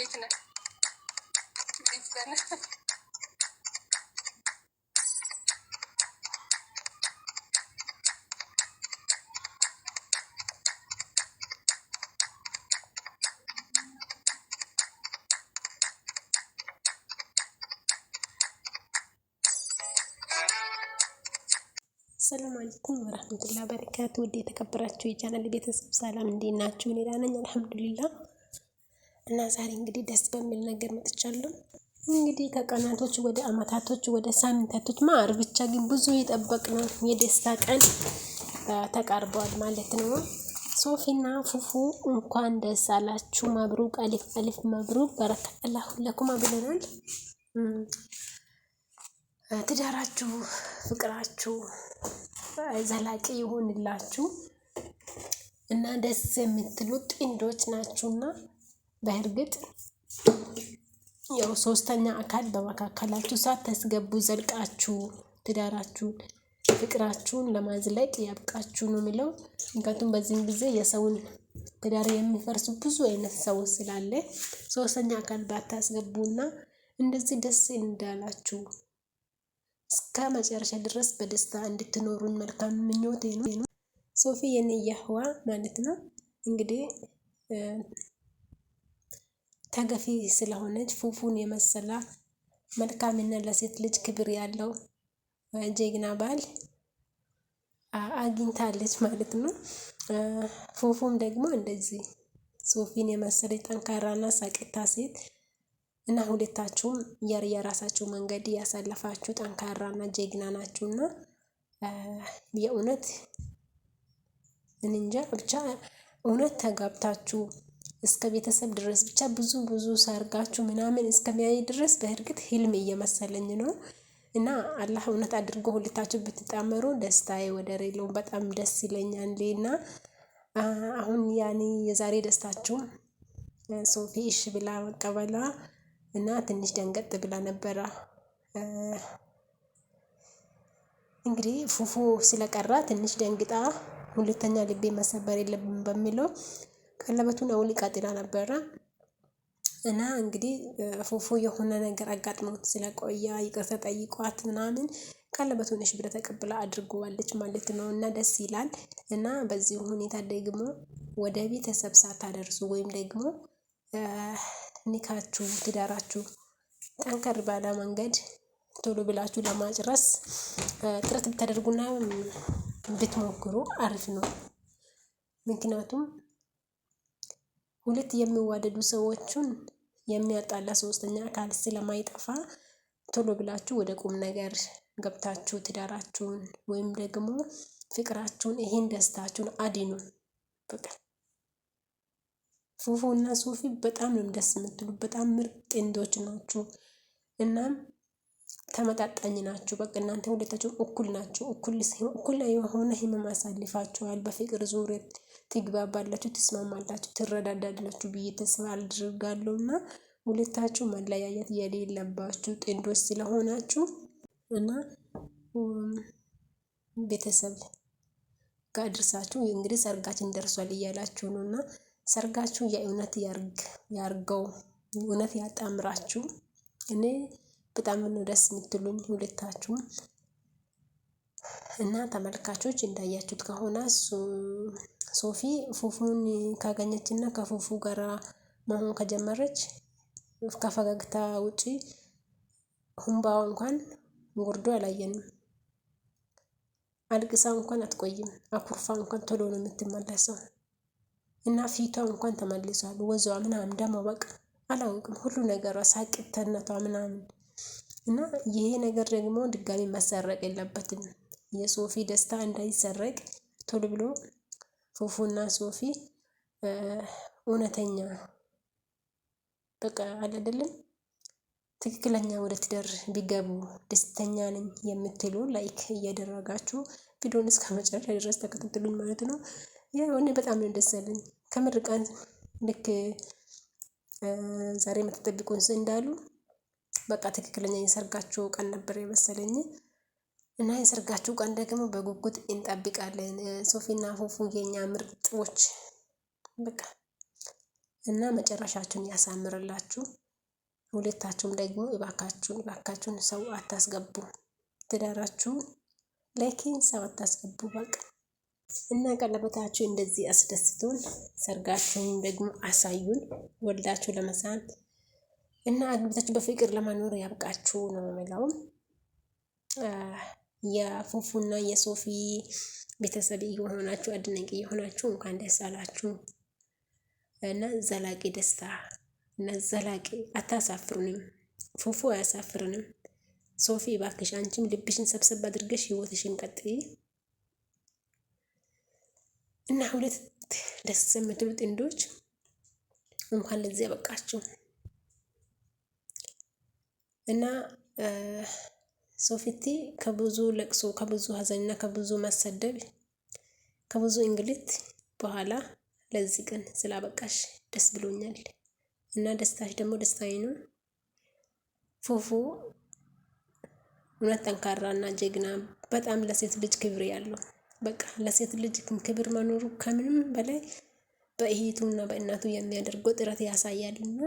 እንዴት ነህ? እንዴት ነህ? ሰላም አለይኩም ወራህመቱላሂ በረካቱ። ውድ የተከበራችሁ የቻናል ቤተሰብ ሰላም እንዴት ናችሁ? እኔ ደህና ነኝ አልሐምዱሊላህ። እና ዛሬ እንግዲህ ደስ በሚል ነገር መጥቻለሁ። እንግዲህ ከቀናቶች ወደ አመታቶች ወደ ሳምንታቶች ማር ብቻ ግን ብዙ የጠበቅነው የደስታ ቀን ተቃርበዋል ማለት ነው። ሶፊና ፉፉ እንኳን ደስ አላችሁ፣ መብሩክ አሊፍ አሊፍ መብሩክ፣ በረከተላሁ ለኩማ ብለናል። ትዳራችሁ ፍቅራችሁ ዘላቂ ይሆንላችሁ እና ደስ የምትሉ ጥንዶች ናችሁና በእርግጥ ያው ሶስተኛ አካል በመካከላችሁ ሳታስገቡ ዘልቃችሁ ትዳራችሁን ፍቅራችሁን ለማዝለቅ ያብቃችሁ ነው የሚለው። ምክንያቱም በዚህም ጊዜ የሰውን ትዳር የሚፈርሱ ብዙ አይነት ሰው ስላለ ሶስተኛ አካል ባታስገቡና እንደዚህ ደስ እንዳላችሁ እስከ መጨረሻ ድረስ በደስታ እንድትኖሩን መልካም ምኞቴ ነው። ሶፊ የኔ ያህዋ ማለት ነው እንግዲህ ተገፊ ስለሆነች ፉፉን የመሰላ መልካምና ለሴት ልጅ ክብር ያለው ጀግና ባል አግኝታለች ማለት ነው። ፉፉም ደግሞ እንደዚህ ሶፊን የመሰለ ጠንካራና ሳቂታ ሴት እና ሁለታችሁም የራሳችሁ መንገድ ያሳለፋችሁ ጠንካራና ጀግና ናችሁና የእውነት እንጃ ብቻ እውነት ተጋብታችሁ እስከ ቤተሰብ ድረስ ብቻ ብዙ ብዙ ሰርጋችሁ ምናምን እስከሚያይ ድረስ በእርግጥ ህልም እየመሰለኝ ነው። እና አላህ እውነት አድርጎ ሁለታችሁ ብትጣመሩ ደስታዬ ወደር የለውም። በጣም ደስ ይለኛል እና አሁን ያኔ የዛሬ ደስታችሁ ሶፊ እሺ ብላ መቀበሏ እና ትንሽ ደንገጥ ብላ ነበረ። እንግዲህ ፉፉ ስለቀራ ትንሽ ደንግጣ ሁለተኛ ልቤ መሰበር የለብም በሚለው ቀለበቱን አውልቃ ጥላ ነበረ እና እንግዲህ ፉፉ የሆነ ነገር አጋጥሞት ስለቆየ ይቅርታ ጠይቋት ምናምን ቀለበቱን እሺ ብለ ተቀብላ አድርጓለች ማለት ነው። እና ደስ ይላል። እና በዚህ ሁኔታ ደግሞ ወደ ቤተሰብ ሳታደርሱ ወይም ደግሞ ኒካችሁ ትዳራችሁ ጠንከር ባለ መንገድ ቶሎ ብላችሁ ለማጭረስ ጥረት ብታደርጉና ብትሞክሩ አሪፍ ነው። ምክንያቱም ሁለት የሚዋደዱ ሰዎችን የሚያጣላ ሶስተኛ አካል ስለማይጠፋ ቶሎ ብላችሁ ወደ ቁም ነገር ገብታችሁ ትዳራችሁን ወይም ደግሞ ፍቅራችሁን ይሄን ደስታችሁን አድኑ። በቃ ፉፉ እና ሶፊ በጣም ነው ደስ የምትሉ፣ በጣም ምርጥ እንዶች ናችሁ። እናም ተመጣጣኝ ናችሁ። በቃ እናንተ ሁለታችሁም እኩል ናችሁ። እኩል የሆነ ህመም አሳልፋችኋል በፍቅር ዙሪያ ትግባባላችሁ፣ ትስማማላችሁ፣ ትረዳዳላችሁ ብዬ ተስፋ አድርጋለሁ እና ሁለታችሁ መለያየት የሌለባችሁ ጥንዶች ስለሆናችሁ እና ቤተሰብ ጋር ደርሳችሁ እንግዲህ ሰርጋችን ደርሷል እያላችሁ ነው እና ሰርጋችሁ የእውነት ያርገው፣ እውነት ያጣምራችሁ። እኔ በጣም ነው ደስ የምትሉኝ ሁለታችሁ እና ተመልካቾች እንዳያችሁት ከሆነ እሱ ሶፊ ፉፉን ካገኘችና ከፉፉ ጋር መሆን ከጀመረች ከፈገግታ ውጪ ሁምባዋ እንኳን ወርዶ አላየንም። አልቅሳ እንኳን አትቆይም። አኩርፋ እንኳን ቶሎ ነው የምትመለሰው እና ፊቷ እንኳን ተመልሷል። ወዟ ምናምን ደግሞ በቃ አላውቅም ሁሉ ነገሯ ሳቅተነቷ ምናምን እና ይሄ ነገር ደግሞ ድጋሚ መሰረቅ የለበትም። የሶፊ ደስታ እንዳይሰረቅ ቶሎ ብሎ ፉፉና ሶፊ እውነተኛ በቃ አይደለም ትክክለኛ ወደ ትዳር ቢገቡ ደስተኛ ነኝ የምትሉ ላይክ እያደረጋችሁ ቪዲዮን እስከ መጨረሻ ድረስ ተከታተሉኝ ማለት ነው። የሆነ በጣም ነው ደስ ያለኝ ከምርቃን ልክ ዛሬ የምትጠብቁን እንዳሉ በቃ ትክክለኛ የሰርጋቸው ቀን ነበር የመሰለኝ። እና የሰርጋችሁ ቀን ደግሞ በጉጉት እንጠብቃለን። ሶፊና ፉፉ የኛ ምርጦች በቃ እና መጨረሻችሁን ያሳምርላችሁ። ሁለታችሁም ደግሞ እባካችሁን እባካችሁን ሰው አታስገቡ። ትዳራችሁን ላይኪን ሰው አታስገቡ በቃ እና ቀለበታችሁ እንደዚህ አስደስቶን ሰርጋችሁን ደግሞ አሳዩን። ወልዳችሁ ለመሳን እና አግብታችሁ በፍቅር ለመኖር ያብቃችሁ ነው የምለው። የፉፉና የሶፊ ቤተሰብ የሆናችሁ አድናቂ የሆናችሁ እንኳን ደስ አላችሁ እና ዘላቂ ደስታ እና ዘላቂ አታሳፍሩንም። ፉፉ አያሳፍርንም። ሶፊ ባክሽ አንቺም ልብሽን ሰብሰብ አድርገሽ ህይወትሽን ቀጥይ እና ሁለት ደስ የምትሉ ጥንዶች እንኳን ለዚያ ያበቃችሁ እና ሶፊቲ ከብዙ ለቅሶ ከብዙ ሀዘንና ከብዙ መሰደብ ከብዙ እንግልት በኋላ ለዚህ ቀን ስላበቃሽ ደስ ብሎኛል እና ደስታሽ ደግሞ ደስታዬ ነው። ፉፉ እውነት ጠንካራ እና ጀግና በጣም ለሴት ልጅ ክብር ያለው በቃ ለሴት ልጅ ክብር መኖሩ ከምንም በላይ እና በእናቱ የሚያደርገው ጥረት ያሳያልና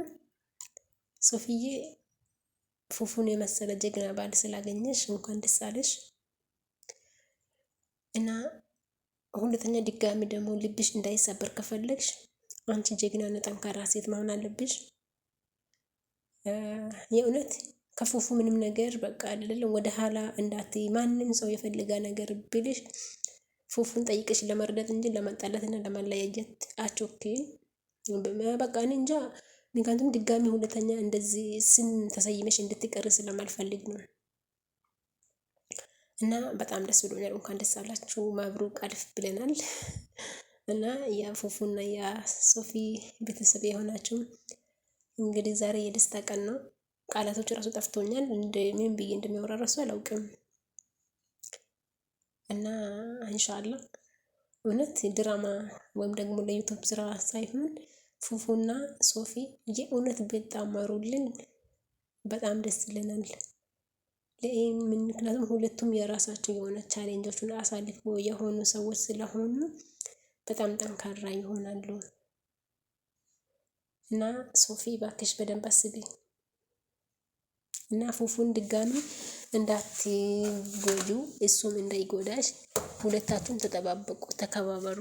ሶፊዬ ፉፉን የመሰለ ጀግና ባል ስላገኘሽ እንኳን ደስ አለሽ እና ሁለተኛ ድጋሚ ደግሞ ልብሽ እንዳይሰበር ከፈለግሽ አንቺ ጀግናና ጠንካራ ሴት መሆን አለብሽ። የእውነት ከፉፉ ምንም ነገር በቃ አይደለም ወደ ኋላ እንዳትይ። ማንም ሰው የፈለገ ነገር ብልሽ ፉፉን ጠይቅሽ ለመርዳት እንጂ ለመጣላት እና ለማለያየት አቾኬ በቃ እንጃ ምክንያቱም ድጋሚ ሁለተኛ እንደዚህ ስም ተሰይመሽ እንድትቀር ስለማልፈልግ ነው። እና በጣም ደስ ብሎኛል። እንኳን ደስ አላችሁ፣ ማብሩክ አልፍ ብለናል። እና የፉፉና የሶፊ ቤተሰብ የሆናችው እንግዲህ ዛሬ የደስታ ቀን ነው። ቃላቶች ራሱ ጠፍቶኛል፣ ምን ብዬ እንደሚያወራ ራሱ አላውቅም። እና እንሻአላ እውነት ድራማ ወይም ደግሞ ለዩቱብ ስራ ሳይሆን ፉፉና ሶፊ የእውነት ቢጣመሩልን በጣም ደስ ይለናል። ምክንያቱም ሁለቱም የራሳቸው የሆነ ቻሌንጆችን አሳልፎ የሆኑ ሰዎች ስለሆኑ በጣም ጠንካራ ይሆናሉ። እና ሶፊ ባክሽ በደንብ አስቢ እና ፉፉን ድጋሚ እንዳትጎዱ እሱም እንዳይጎዳሽ፣ ሁለታችሁም ተጠባበቁ፣ ተከባበሩ።